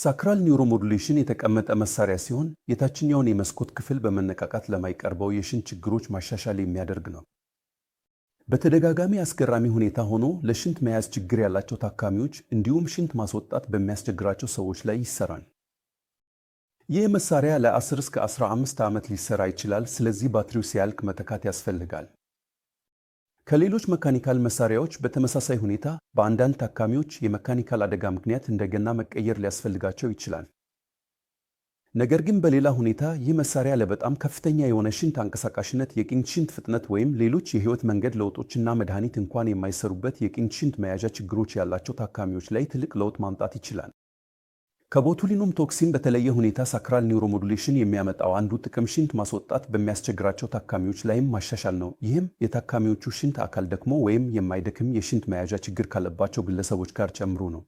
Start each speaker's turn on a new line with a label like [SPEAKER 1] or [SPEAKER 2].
[SPEAKER 1] ሳክራል ኒውሮሞዱሌሽን የተቀመጠ መሳሪያ ሲሆን የታችኛውን የመስኮት ክፍል በመነቃቃት ለማይቀርበው የሽንት ችግሮች ማሻሻል የሚያደርግ ነው። በተደጋጋሚ አስገራሚ ሁኔታ ሆኖ ለሽንት መያዝ ችግር ያላቸው ታካሚዎች እንዲሁም ሽንት ማስወጣት በሚያስቸግራቸው ሰዎች ላይ ይሰራል። ይህ መሳሪያ ለ10 እስከ 15 ዓመት ሊሰራ ይችላል። ስለዚህ ባትሪው ሲያልቅ መተካት ያስፈልጋል። ከሌሎች መካኒካል መሳሪያዎች በተመሳሳይ ሁኔታ በአንዳንድ ታካሚዎች የመካኒካል አደጋ ምክንያት እንደገና መቀየር ሊያስፈልጋቸው ይችላል። ነገር ግን በሌላ ሁኔታ ይህ መሳሪያ ለበጣም ከፍተኛ የሆነ ሽንት አንቀሳቃሽነት፣ የቅኝ ሽንት ፍጥነት ወይም ሌሎች የህይወት መንገድ ለውጦችና መድኃኒት እንኳን የማይሰሩበት የቅኝ ሽንት መያዣ ችግሮች ያላቸው ታካሚዎች ላይ ትልቅ ለውጥ ማምጣት ይችላል። ከቦቱሊኑም ቶክሲን በተለየ ሁኔታ ሳክራል ኒውሮሞዱሌሽን የሚያመጣው አንዱ ጥቅም ሽንት ማስወጣት በሚያስቸግራቸው ታካሚዎች ላይም ማሻሻል ነው። ይህም የታካሚዎቹ ሽንት አካል ደክሞ ወይም የማይደክም የሽንት መያዣ ችግር ካለባቸው ግለሰቦች ጋር ጨምሮ ነው።